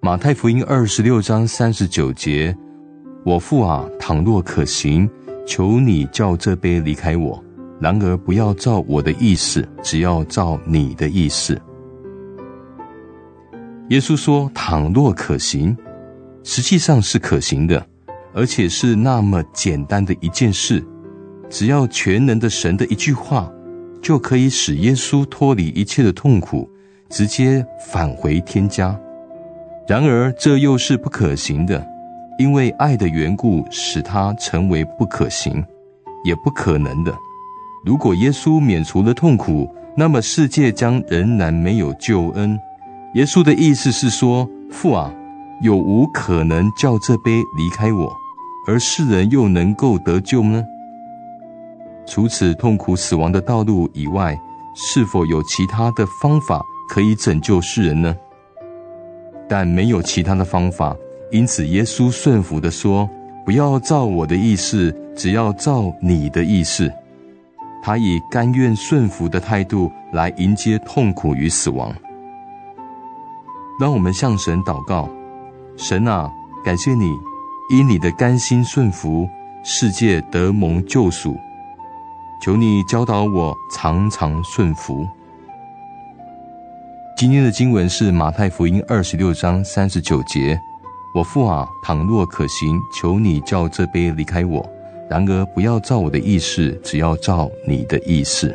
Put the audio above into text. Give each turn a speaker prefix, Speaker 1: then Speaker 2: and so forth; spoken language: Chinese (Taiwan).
Speaker 1: 馬太福音二十六章三十九節：“我父啊，倘若可行，求你叫這杯離開我；然而不要照我的意思，只要照你的意思。”耶穌說：“倘若可行，實際上是可行的，而且是那麼簡單的一件事，只要全能的神的一句話。”就可以使耶穌脫離一切的痛苦，直接返回天家。然而，這又是不可行的，因為愛的緣故使它成為不可行，也不可能的。如果耶穌免除了痛苦，那麼世界將仍然沒有救恩。耶穌的意思是說：“父啊，有無可能叫這杯離開我，而世人又能夠得救呢？”除此痛苦、死亡的道路以外，是否有其他的方法可以拯救世人呢？但沒有其他的方法，因此耶穌順服地說：“不要照我的意思，只要照你的意思。”他以甘願順服的態度來迎接痛苦與死亡。讓我們向神禱告：“神啊，感謝你，因你的甘心順服，世界得蒙救贖。”求你教導我，常常順服。今天的經文是馬太福音二十六章三十九節。我父啊，倘若可行，求你叫這杯離開我；然而不要照我的意思，只要照你的意思。